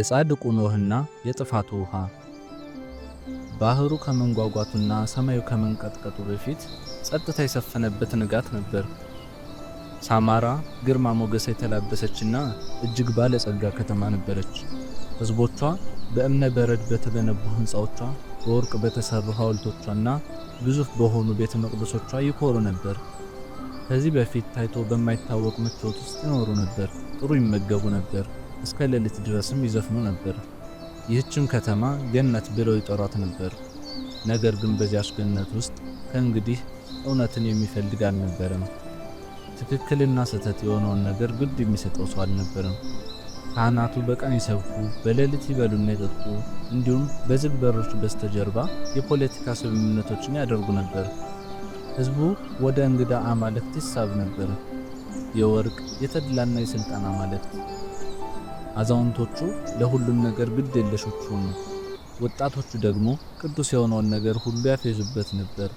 የጻድቁ ኖህና የጥፋቱ ውሃ ባህሩ ከመንጓጓቱና ሰማዩ ከመንቀጥቀጡ በፊት ጸጥታ የሰፈነበት ንጋት ነበር። ሳማራ ግርማ ሞገስ የተላበሰችና እጅግ ባለጸጋ ከተማ ነበረች። ሕዝቦቿ በእብነ በረድ በተገነቡ ሕንፃዎቿ፣ በወርቅ በተሰሩ ሐውልቶቿና ግዙፍ በሆኑ ቤተ መቅደሶቿ ይኮሩ ነበር። ከዚህ በፊት ታይቶ በማይታወቅ ምቾት ውስጥ ይኖሩ ነበር፣ ጥሩ ይመገቡ ነበር። እስከ ሌሊት ድረስም ይዘፍኑ ነበር። ይህችም ከተማ ገነት ብለው ይጠሯት ነበር። ነገር ግን በዚያች ገነት ውስጥ ከእንግዲህ እውነትን የሚፈልግ አልነበረም። ትክክልና ስህተት የሆነውን ነገር ግድ የሚሰጠው ሰው አልነበረም። ካህናቱ በቀን ይሰብኩ፣ በሌሊት ይበሉና ይጠጡ፣ እንዲሁም በዝግ በሮች በስተጀርባ የፖለቲካ ስምምነቶችን ያደርጉ ነበር። ሕዝቡ ወደ እንግዳ አማልክት ይሳብ ነበር፣ የወርቅ የተድላና የሥልጣን አማልክት። አዛውንቶቹ ለሁሉም ነገር ግድ የለሾች ሆኑ። ወጣቶቹ ደግሞ ቅዱስ የሆነውን ነገር ሁሉ ያፌዙበት ነበር።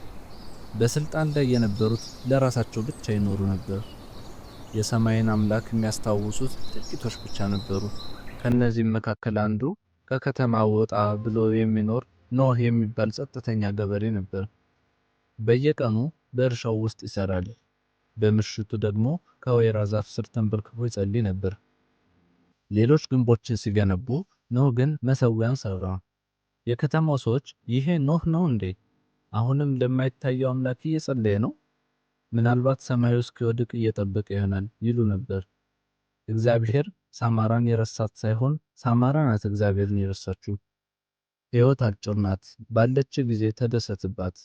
በስልጣን ላይ የነበሩት ለራሳቸው ብቻ ይኖሩ ነበር። የሰማይን አምላክ የሚያስታውሱት ጥቂቶች ብቻ ነበሩ። ከነዚህም መካከል አንዱ ከከተማ ወጣ ብሎ የሚኖር ኖህ የሚባል ጸጥተኛ ገበሬ ነበር። በየቀኑ በእርሻው ውስጥ ይሰራል። በምሽቱ ደግሞ ከወይራ ዛፍ ስር ተንበርክኮ ይጸልይ ነበር። ሌሎች ግንቦችን ሲገነቡ ኖህ ግን መሠዊያን ሰራ። የከተማው ሰዎች ይሄ ኖህ ነው እንዴ? አሁንም ለማይታየው አምላክ እየጸለየ ነው? ምናልባት ሰማዩ እስኪወድቅ እየጠበቀ ይሆናል ይሉ ነበር። እግዚአብሔር ሳማራን የረሳት ሳይሆን ሳማራ ናት እግዚአብሔርን የረሳችው። ሕይወት አጭር ናት፣ ባለች ጊዜ ተደሰትባት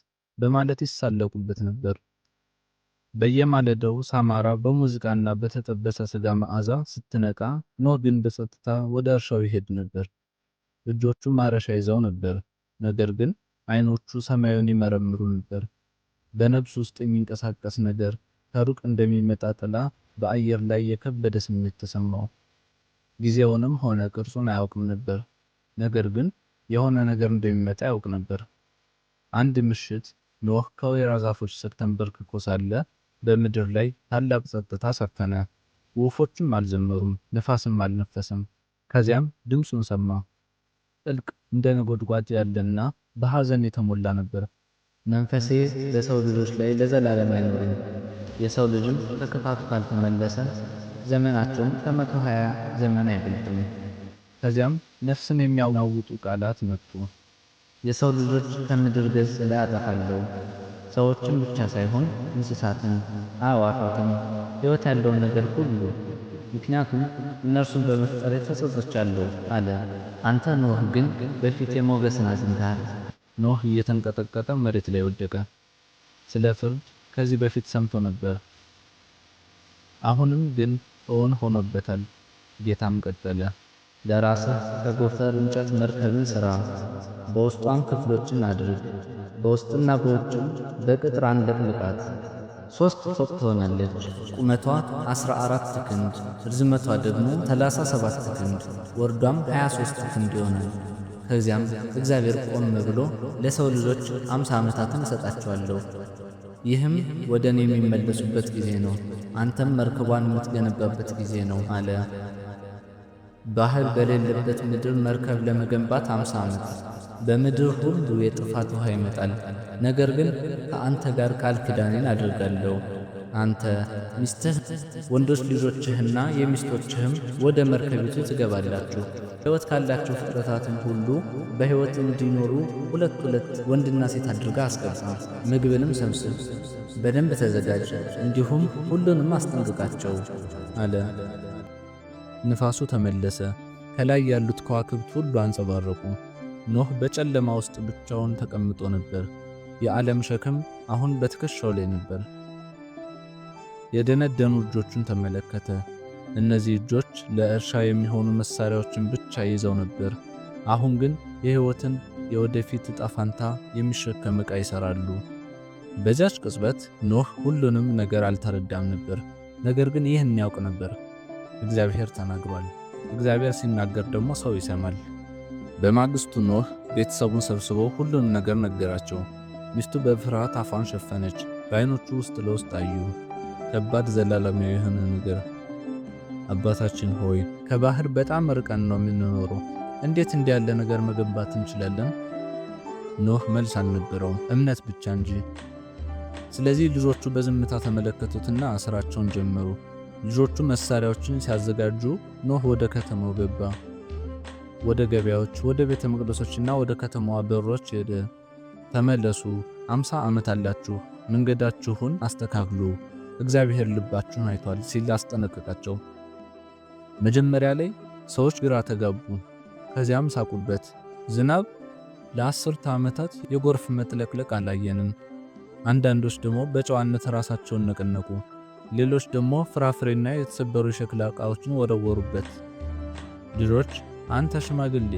በማለት ይሳለቁበት ነበር። በየማለዳው ሳማራ በሙዚቃና በተጠበሰ ሥጋ መዓዛ ስትነቃ፣ ኖህ ግን በጸጥታ ወደ እርሻው ይሄድ ነበር። እጆቹ ማረሻ ይዘው ነበር፣ ነገር ግን አይኖቹ ሰማዩን ይመረምሩ ነበር። በነፍሱ ውስጥ የሚንቀሳቀስ ነገር ከሩቅ እንደሚመጣ ጥላ በአየር ላይ የከበደ ስሜት ተሰማው። ጊዜውንም ሆነ ቅርጹን አያውቅም ነበር፣ ነገር ግን የሆነ ነገር እንደሚመጣ ያውቅ ነበር። አንድ ምሽት ኖህ ከወይራ ዛፎች ስር ተንበርክኮ ሳለ በምድር ላይ ታላቅ ጸጥታ ሰፈነ። ወፎችም አልዘመሩም፣ ነፋስም አልነፈሰም። ከዚያም ድምፁን ሰማ። ጥልቅ እንደ ነጎድጓድ ያለና በሐዘን የተሞላ ነበር። መንፈሴ በሰው ልጆች ላይ ለዘላለም አይኖርም፣ የሰው ልጅም ከክፋቱ ካልተመለሰ ዘመናቸውም ከመቶ ሀያ ዘመን አይበልጥም። ከዚያም ነፍስን የሚያናውጡ ቃላት መጡ። የሰው ልጆች ከምድር ገጽ ላይ አጠፋለሁ። ሰዎችን ብቻ ሳይሆን እንስሳትን፣ አዕዋፋትን፣ ሕይወት ያለውን ነገር ሁሉ ምክንያቱም እነርሱን በመፍጠር ተጸጽቻለሁ አለ። አንተ ኖህ ግን በፊቴ ሞገስን አግኝተሃል። ኖህ እየተንቀጠቀጠ መሬት ላይ ወደቀ። ስለ ፍርድ ከዚህ በፊት ሰምቶ ነበር። አሁንም ግን እውን ሆኖበታል። ጌታም ቀጠለ። ለራስህ ከጎፈር እንጨት መርከብን ሥራ፣ በውስጧን ክፍሎችን አድርግ። በውስጥና በውጭም በቅጥር ልቃት ሦስት ፎቅ ትሆናለች። ቁመቷ 14 ክንድ፣ ርዝመቷ ደግሞ 37 ክንድ፣ ወርዷም 23 ክንድ ይሆናል። ከዚያም እግዚአብሔር ቆም ብሎ ለሰው ልጆች አምሳ ዓመታትን እሰጣቸዋለሁ። ይህም ወደ እኔ የሚመለሱበት ጊዜ ነው። አንተም መርከቧን የምትገነባበት ጊዜ ነው አለ። ባህር በሌለበት ምድር መርከብ ለመገንባት አምሳ ዓመት በምድር ሁሉ የጥፋት ውሃ ይመጣል። ነገር ግን ከአንተ ጋር ቃል ኪዳኔን አድርጋለሁ። አንተ፣ ሚስትህ፣ ወንዶች ልጆችህና የሚስቶችህም ወደ መርከቢቱ ትገባላችሁ። ሕይወት ካላቸው ፍጥረታትም ሁሉ በሕይወት እንዲኖሩ ሁለት ሁለት ወንድና ሴት አድርጋ አስገባ። ምግብንም ሰብስብ፣ በደንብ ተዘጋጅ፣ እንዲሁም ሁሉንም አስጠንቅቃቸው አለ። ንፋሱ ተመለሰ። ከላይ ያሉት ከዋክብት ሁሉ አንጸባረቁ። ኖህ በጨለማ ውስጥ ብቻውን ተቀምጦ ነበር። የዓለም ሸክም አሁን በትከሻው ላይ ነበር። የደነደኑ እጆቹን ተመለከተ። እነዚህ እጆች ለእርሻ የሚሆኑ መሳሪያዎችን ብቻ ይዘው ነበር። አሁን ግን የሕይወትን የወደፊት ዕጣ ፋንታ የሚሸከም ዕቃ ይሠራሉ። በዚያች ቅጽበት ኖህ ሁሉንም ነገር አልተረዳም ነበር። ነገር ግን ይህን ያውቅ ነበር። እግዚአብሔር ተናግሯል። እግዚአብሔር ሲናገር ደግሞ ሰው ይሰማል። በማግስቱ ኖህ ቤተሰቡን ሰብስቦ ሁሉንም ነገር ነገራቸው። ሚስቱ በፍርሃት አፏን ሸፈነች። በዓይኖቹ ውስጥ ለውስጥ አዩ ከባድ ዘላለማዊ የሆነ ነገር። አባታችን ሆይ ከባህር በጣም ርቀን ነው የምንኖረው። እንዴት እንዲያለ ነገር መገንባት እንችላለን? ኖህ መልስ አልነበረውም፣ እምነት ብቻ እንጂ። ስለዚህ ልጆቹ በዝምታ ተመለከቱትና ስራቸውን ጀመሩ። ልጆቹ መሳሪያዎችን ሲያዘጋጁ ኖህ ወደ ከተማው ገባ። ወደ ገበያዎች፣ ወደ ቤተ መቅደሶችና ወደ ከተማዋ በሮች ሄደ። ተመለሱ፣ አምሳ ዓመት አላችሁ፣ መንገዳችሁን አስተካክሉ፣ እግዚአብሔር ልባችሁን አይቷል ሲል አስጠነቀቃቸው። መጀመሪያ ላይ ሰዎች ግራ ተጋቡ፣ ከዚያም ሳቁበት። ዝናብ ለአስርተ ዓመታት የጎርፍ መጥለቅለቅ አላየንም። አንዳንዶች ደግሞ በጨዋነት ራሳቸውን ነቀነቁ። ሌሎች ደግሞ ፍራፍሬና የተሰበሩ የሸክላ ዕቃዎችን ወረወሩበት። ልጆች አንተ ሽማግሌ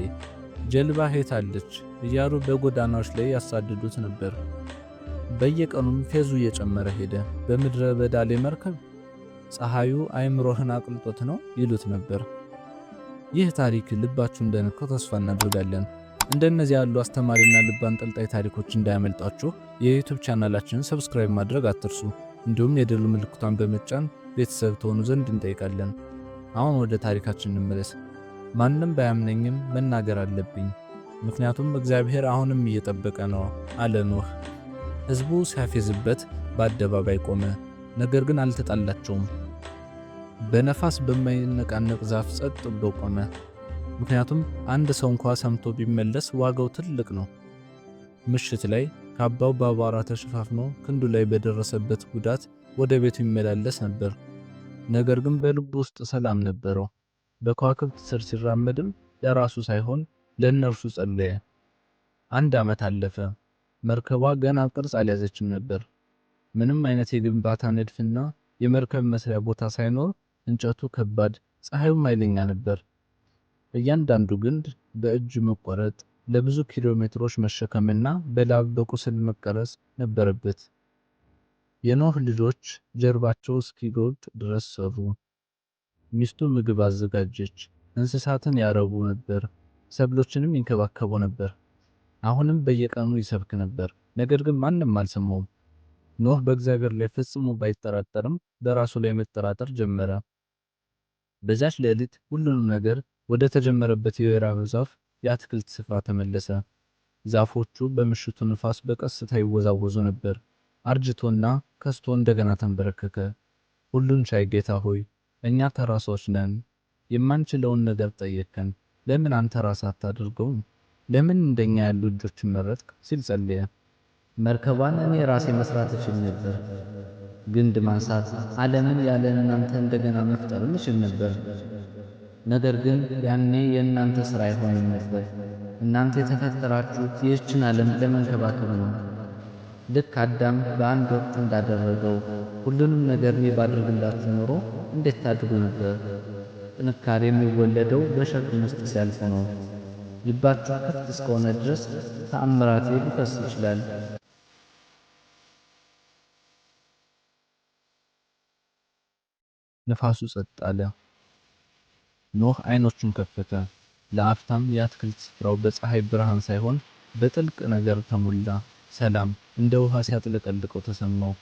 ጀልባ ሄታለች እያሉ በጎዳናዎች ላይ ያሳድዱት ነበር። በየቀኑም ፌዙ እየጨመረ ሄደ። በምድረ በዳ ላይ መርከብ ፀሐዩ አይምሮህን አቅልጦት ነው ይሉት ነበር። ይህ ታሪክ ልባችሁ እንደነካው ተስፋ እናደርጋለን። እንደነዚህ ያሉ አስተማሪና ልብ አንጠልጣይ ታሪኮች እንዳያመልጣችሁ የዩቲዩብ ቻናላችንን ሰብስክራይብ ማድረግ አትርሱ። እንዲሁም የድል ምልክቷን በመጫን ቤተሰብ ትሆኑ ዘንድ እንጠይቃለን። አሁን ወደ ታሪካችን እንመለስ። ማንም ባያምነኝም መናገር አለብኝ፣ ምክንያቱም እግዚአብሔር አሁንም እየጠበቀ ነው አለ ኖህ። ሕዝቡ ሲያፌዝበት በአደባባይ ቆመ፣ ነገር ግን አልተጣላቸውም። በነፋስ በማይነቃነቅ ዛፍ ጸጥ ብሎ ቆመ፣ ምክንያቱም አንድ ሰው እንኳ ሰምቶ ቢመለስ ዋጋው ትልቅ ነው። ምሽት ላይ ካባው በአቧራ ተሸፋፍኖ ክንዱ ላይ በደረሰበት ጉዳት ወደ ቤቱ ይመላለስ ነበር። ነገር ግን በልቡ ውስጥ ሰላም ነበረው። በከዋክብት ስር ሲራመድም ለራሱ ሳይሆን ለእነርሱ ጸለየ። አንድ ዓመት አለፈ። መርከቧ ገና ቅርጽ አልያዘችም ነበር። ምንም አይነት የግንባታ ንድፍና የመርከብ መስሪያ ቦታ ሳይኖር እንጨቱ ከባድ፣ ፀሐዩም ኃይለኛ ነበር። እያንዳንዱ ግንድ በእጅ መቆረጥ ለብዙ ኪሎ ሜትሮች መሸከምና በላብ በቁስል መቀረጽ ነበረበት። የኖህ ልጆች ጀርባቸው እስኪጎብጥ ድረስ ሰሩ። ሚስቱ ምግብ አዘጋጀች፣ እንስሳትን ያረቡ ነበር፣ ሰብሎችንም ይንከባከቡ ነበር። አሁንም በየቀኑ ይሰብክ ነበር፣ ነገር ግን ማንም አልሰማውም። ኖህ በእግዚአብሔር ላይ ፈጽሞ ባይጠራጠርም በራሱ ላይ መጠራጠር ጀመረ። በዛች ሌሊት ሁሉንም ነገር ወደ ተጀመረበት የወይራ ዛፍ የአትክልት ስፍራ ተመለሰ። ዛፎቹ በምሽቱ ንፋስ በቀስታ ይወዛወዙ ነበር። አርጅቶና ከስቶ እንደገና ተንበረከከ። ሁሉን ቻይ ጌታ ሆይ እኛ ተራ ሰዎች ነን። የማንችለውን ነገር ጠየቅከን። ለምን አንተ ራስ አታደርገውም? ለምን እንደኛ ያሉ እጆች መረጥክ? ሲል ጸለየ። መርከቧን እኔ ራሴ መስራት እችል ነበር። ግንድ ማንሳት፣ ዓለምን ያለ እናንተ እንደገና መፍጠርም እችል ነበር። ነገር ግን ያኔ የእናንተ ሥራ አይሆንም ነበር። እናንተ የተፈጠራችሁት ይህችን ዓለም ለመንከባከብ ነው። ልክ አዳም በአንድ ወቅት እንዳደረገው ሁሉንም ነገር እኔ ባደርግላችሁ ኖሮ እንዴት ታድጉ ነበር? ጥንካሬ የሚወለደው በሸክም ውስጥ ሲያልፍ ነው። ልባችሁ ክፍት እስከሆነ ድረስ ተአምራቴ ሊፈስ ይችላል። ነፋሱ ጸጥ አለ። ኖህ አይኖቹን ከፈተ። ለአፍታም የአትክልት ስፍራው በፀሐይ ብርሃን ሳይሆን በጥልቅ ነገር ተሞላ። ሰላም እንደ ውሃ ሲያጥለቀልቀው ተሰማው።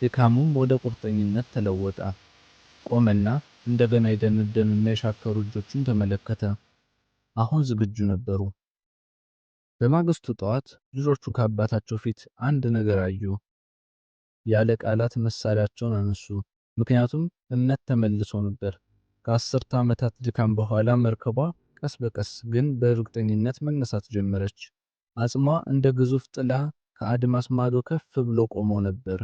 ድካሙም ወደ ቁርጠኝነት ተለወጠ። ቆመና እንደገና የደነደኑና የሻከሩ እጆቹን ተመለከተ። አሁን ዝግጁ ነበሩ። በማግስቱ ጠዋት ልጆቹ ከአባታቸው ፊት አንድ ነገር አዩ። ያለ ቃላት መሳሪያቸውን አነሱ፣ ምክንያቱም እምነት ተመልሶ ነበር። ከአስርተ ዓመታት ድካም በኋላ መርከቧ ቀስ በቀስ ግን በእርግጠኝነት መነሳት ጀመረች። አጽሟ እንደ ግዙፍ ጥላ ከአድማስ ማዶ ከፍ ብሎ ቆሞ ነበር።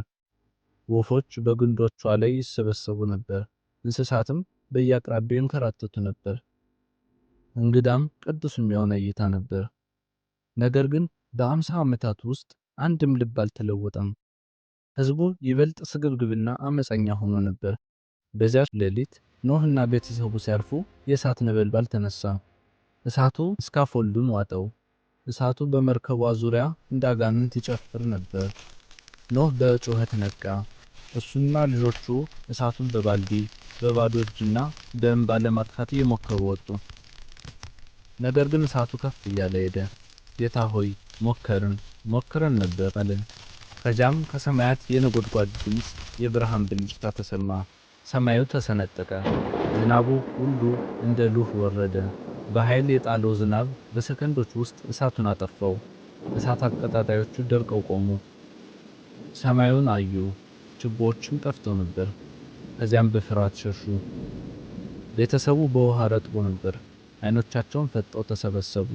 ወፎች በግንዶቿ ላይ ይሰበሰቡ ነበር። እንስሳትም በየአቅራቢያው ይንከራተቱ ነበር። እንግዳም ቅዱስም የሆነ እይታ ነበር። ነገር ግን በአምሳ ዓመታት ውስጥ አንድም ልብ አልተለወጠም። ሕዝቡ ይበልጥ ስግብግብና አመፀኛ ሆኖ ነበር። በዚያች ሌሊት ኖህና ቤተሰቡ ሲያርፉ የእሳት ነበልባል ተነሳ። እሳቱ ስካፎልዱን ዋጠው። እሳቱ በመርከቧ ዙሪያ እንደ አጋንንት ይጨፍር ነበር። ኖህ በጩኸት ነቃ። እሱና ልጆቹ እሳቱን በባልዲ በባዶ እጅና በእንባ ለማጥፋት እየሞከሩ ወጡ። ነገር ግን እሳቱ ከፍ እያለ ሄደ። ጌታ ሆይ ሞከርን ሞክረን ነበር አለ። ከዚያም ከሰማያት የነጎድጓድ ድምፅ፣ የብርሃን ብልጭታ ተሰማ። ሰማዩ ተሰነጠቀ፣ ዝናቡ ሁሉ እንደ ሉህ ወረደ። በኃይል የጣለው ዝናብ በሰከንዶች ውስጥ እሳቱን አጠፋው። እሳት አቀጣጣዮቹ ደርቀው ቆሙ። ሰማዩን አዩ፣ ችቦዎችም ጠፍተው ነበር። ከዚያም በፍርሃት ሸሹ። ቤተሰቡ በውሃ ረጥቦ ነበር። አይኖቻቸውን ፈጠው ተሰበሰቡ።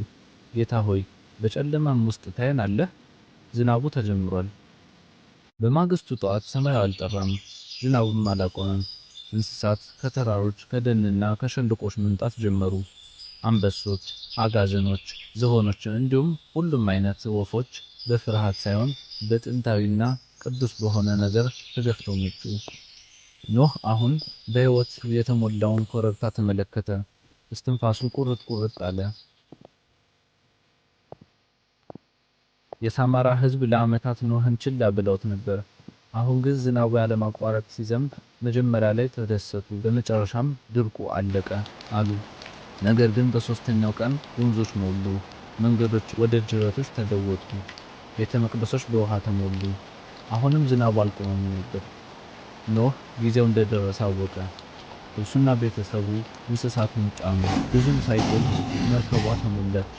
ጌታ ሆይ በጨለማም ውስጥ ታየን አለህ። ዝናቡ ተጀምሯል። በማግስቱ ጠዋት ሰማዩ አልጠራም፣ ዝናቡም አላቆመም። እንስሳት ከተራሮች ከደንና ከሸንድቆች መምጣት ጀመሩ። አንበሶች፣ አጋዘኖች፣ ዝሆኖች እንዲሁም ሁሉም አይነት ወፎች በፍርሃት ሳይሆን በጥንታዊና ቅዱስ በሆነ ነገር ተገፍተው መጡ። ኖህ አሁን በሕይወት የተሞላውን ኮረብታ ተመለከተ። እስትንፋሱ ቁርጥ ቁርጥ አለ። የሳማራ ሕዝብ ለዓመታት ኖህን ችላ ብለውት ነበር። አሁን ግን ዝናቡ ያለማቋረጥ ሲዘንብ መጀመሪያ ላይ ተደሰቱ፣ በመጨረሻም ድርቁ አለቀ አሉ። ነገር ግን በሶስተኛው ቀን ወንዞች ሞሉ፣ መንገዶች ወደ ጅረቶች ተለወጡ፣ ቤተ መቅደሶች በውሃ ተሞሉ። አሁንም ዝናቡ አልቆመም ነበር። ኖህ ጊዜው እንደደረሰ አወቀ። እሱና ቤተሰቡ እንስሳቱን ጫኑ። ብዙም ሳይቆይ መርከቧ ተሞላች።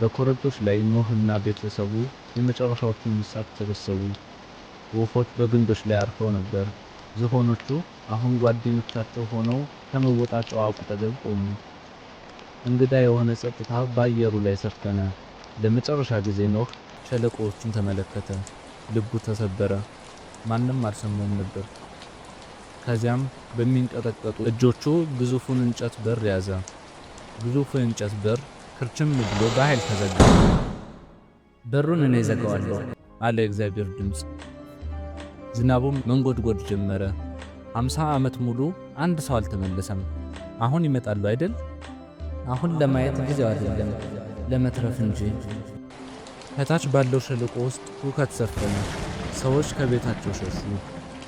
በኮረብቶች ላይ ኖህና ቤተሰቡ የመጨረሻዎቹን እንስሳት ሰበሰቡ። ወፎች በግንዶች ላይ አርፈው ነበር። ዝሆኖቹ አሁን ጓደኞቻቸው ሆነው ከመወጣጫው አጠገብ ቆሙ። እንግዳ የሆነ ጸጥታ በአየሩ ላይ ሰፈነ። ለመጨረሻ ጊዜ ኖህ ሸለቆዎቹን ተመለከተ። ልቡ ተሰበረ። ማንም አልሰማውም ነበር። ከዚያም በሚንቀጠቀጡ እጆቹ ግዙፉን እንጨት በር ያዘ። ግዙፉ እንጨት በር ክርችም ብሎ በኃይል ተዘጋ። በሩን እኔ ዘጋዋለሁ አለ እግዚአብሔር ድምፅ። ዝናቡም መንጎድጎድ ጀመረ። አምሳ ዓመት ሙሉ አንድ ሰው አልተመለሰም። አሁን ይመጣሉ አይደል? አሁን ለማየት ጊዜው አይደለም፣ ለመትረፍ እንጂ። ከታች ባለው ሸለቆ ውስጥ ሁከት ሰፈነ። ሰዎች ከቤታቸው ሸሹ፣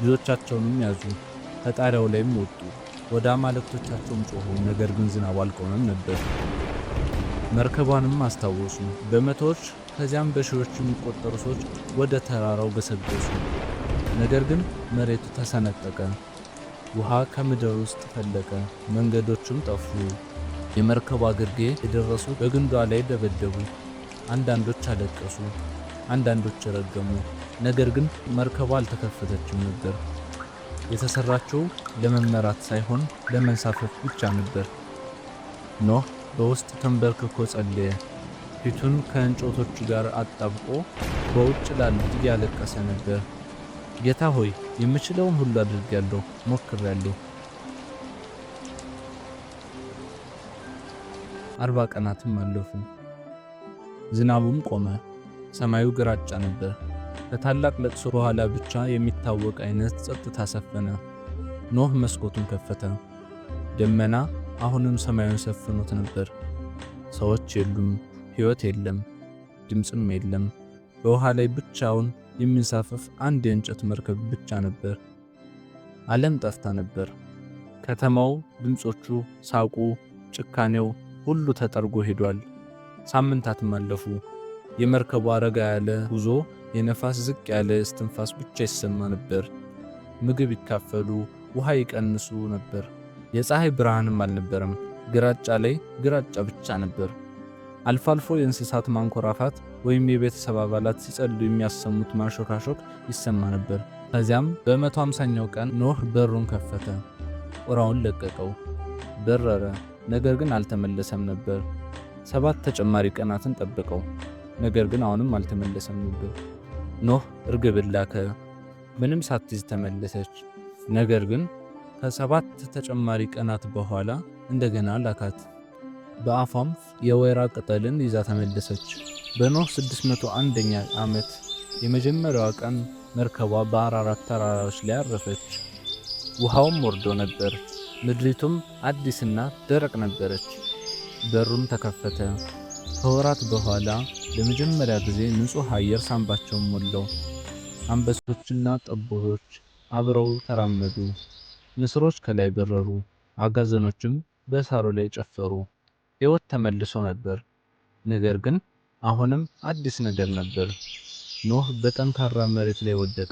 ልጆቻቸውንም ያዙ፣ ከጣሪያው ላይም ወጡ። ወደ አማልክቶቻቸውም ጮኹ። ነገር ግን ዝናቡ አልቆመም ነበር። መርከቧንም አስታወሱ። በመቶዎች ከዚያም በሺዎች የሚቆጠሩ ሰዎች ወደ ተራራው ገሰገሱ። ነገር ግን መሬቱ ተሰነጠቀ፣ ውሃ ከምድር ውስጥ ፈለቀ፣ መንገዶቹም ጠፉ። የመርከቧ ግርጌ የደረሱ በግንዷ ላይ ደበደቡ። አንዳንዶች አለቀሱ፣ አንዳንዶች ረገሙ። ነገር ግን መርከቧ አልተከፈተችም ነበር። የተሰራችው ለመመራት ሳይሆን ለመንሳፈፍ ብቻ ነበር። ኖህ በውስጥ ተንበርክኮ ጸለየ። ፊቱን ከእንጨቶቹ ጋር አጣብቆ በውጭ ላሉት እያለቀሰ ነበር። ጌታ ሆይ የምችለውን ሁሉ አድርጌያለሁ፣ ሞክሬያለሁ። አርባ ቀናትም አለፉ። ዝናቡም ቆመ። ሰማዩ ግራጫ ነበር። ከታላቅ ለቅሶ በኋላ ብቻ የሚታወቅ አይነት ጸጥታ ሰፈነ። ኖህ መስኮቱን ከፈተ። ደመና አሁንም ሰማዩን ሰፍኖት ነበር። ሰዎች የሉም፣ ሕይወት የለም፣ ድምፅም የለም። በውሃ ላይ ብቻውን የሚንሳፈፍ አንድ የእንጨት መርከብ ብቻ ነበር። ዓለም ጠፍታ ነበር። ከተማው፣ ድምፆቹ፣ ሳቁ፣ ጭካኔው ሁሉ ተጠርጎ ሄዷል። ሳምንታትም አለፉ። የመርከቡ አረጋ ያለ ጉዞ፣ የነፋስ ዝቅ ያለ እስትንፋስ ብቻ ይሰማ ነበር። ምግብ ይካፈሉ፣ ውሃ ይቀንሱ ነበር። የፀሐይ ብርሃንም አልነበረም። ግራጫ ላይ ግራጫ ብቻ ነበር። አልፎ አልፎ የእንስሳት ማንኮራፋት ወይም የቤተሰብ አባላት ሲጸልዩ የሚያሰሙት ማሾካሾክ ይሰማ ነበር። ከዚያም በ150ኛው ቀን ኖህ በሩን ከፈተ፣ ቁራውን ለቀቀው፣ በረረ። ነገር ግን አልተመለሰም ነበር። ሰባት ተጨማሪ ቀናትን ጠብቀው፣ ነገር ግን አሁንም አልተመለሰም ነበር። ኖህ እርግብን ላከ፣ ምንም ሳትይዝ ተመለሰች። ነገር ግን ከሰባት ተጨማሪ ቀናት በኋላ እንደገና ላካት፣ በአፏም የወይራ ቅጠልን ይዛ ተመለሰች። በኖህ 601 ዓመት የመጀመሪያዋ ቀን መርከቧ በአራራት ተራራዎች ላይ አረፈች። ውሃውም ወርዶ ነበር፣ ምድሪቱም አዲስና ደረቅ ነበረች። በሩም ተከፈተ። ከወራት በኋላ ለመጀመሪያ ጊዜ ንጹሕ አየር ሳንባቸውን ሞላው። አንበሶችና ጠቦቶች አብረው ተራመዱ። ንስሮች ከላይ በረሩ፣ አጋዘኖችም በሳሩ ላይ ጨፈሩ። ሕይወት ተመልሶ ነበር። ነገር ግን አሁንም አዲስ ነገር ነበር። ኖህ በጠንካራ መሬት ላይ ወደቀ፣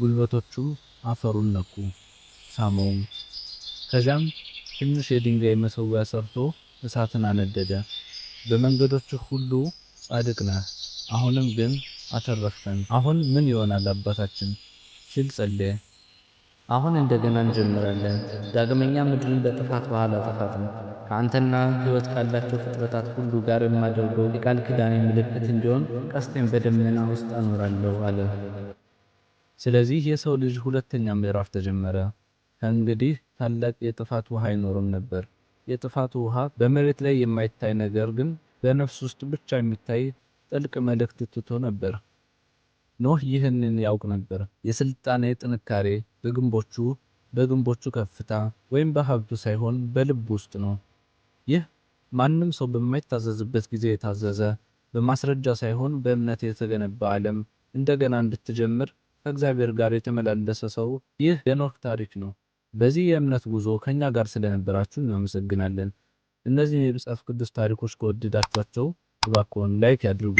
ጉልበቶቹም አፈሩን ነኩ፣ ሳመውም። ከዚያም ትንሽ የድንጋይ መሰውያ ሰርቶ እሳትን አነደደ። በመንገዶች ሁሉ ጻድቅ ነህ፣ አሁንም ግን አተረፍከን። አሁን ምን ይሆናል አባታችን? ሲል ጸለየ። አሁን እንደገና እንጀምራለን። ዳግመኛ ምድርን በጥፋት በኋላ አጠፋታለሁ። ከአንተና ሕይወት ካላቸው ፍጥረታት ሁሉ ጋር የማደርገው የቃል ኪዳኔ ምልክት እንዲሆን ቀስቴን በደመና ውስጥ አኖራለሁ አለ። ስለዚህ የሰው ልጅ ሁለተኛ ምዕራፍ ተጀመረ። ከእንግዲህ ታላቅ የጥፋት ውሃ አይኖርም ነበር። የጥፋት ውሃ በመሬት ላይ የማይታይ ነገር ግን በነፍስ ውስጥ ብቻ የሚታይ ጥልቅ መልእክት ትቶ ነበር። ኖህ ይህንን ያውቅ ነበር። የስልጣኔ ጥንካሬ በግንቦቹ በግንቦቹ ከፍታ ወይም በሀብቱ ሳይሆን በልብ ውስጥ ነው። ይህ ማንም ሰው በማይታዘዝበት ጊዜ የታዘዘ በማስረጃ ሳይሆን በእምነት የተገነባ ዓለም እንደገና እንድትጀምር ከእግዚአብሔር ጋር የተመላለሰ ሰው ይህ የኖክ ታሪክ ነው። በዚህ የእምነት ጉዞ ከኛ ጋር ስለነበራችሁ እናመሰግናለን። እነዚህ የመጽሐፍ ቅዱስ ታሪኮች ከወደዳችኋቸው እባክዎን ላይክ ያድርጉ።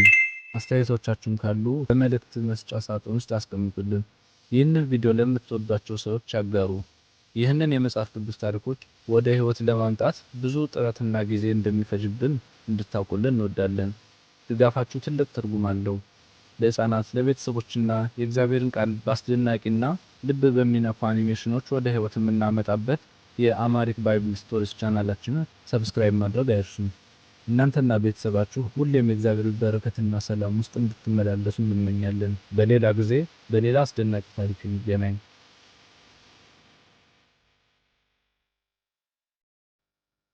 አስተያየቶቻችሁም ካሉ በመልእክት መስጫ ሳጥን ውስጥ አስቀምጡልን። ይህንን ቪዲዮ ለምትወዷቸው ሰዎች አጋሩ። ይህንን የመጽሐፍ ቅዱስ ታሪኮች ወደ ህይወት ለማምጣት ብዙ ጥረትና ጊዜ እንደሚፈጅብን እንድታውቁልን እንወዳለን። ድጋፋችሁ ትልቅ ትርጉም አለው። ለህፃናት ለቤተሰቦችና የእግዚአብሔርን ቃል በአስደናቂና ልብ በሚነኩ አኒሜሽኖች ወደ ህይወት የምናመጣበት የአማሪክ ባይብል ስቶሪስ ቻናላችንን ሰብስክራይብ ማድረግ አይርሱም። እናንተና ቤተሰባችሁ ሁሌም የእግዚአብሔር በረከትና ሰላም ውስጥ እንድትመላለሱ እንመኛለን። በሌላ ጊዜ በሌላ አስደናቂ ታሪክ እንገናኝ።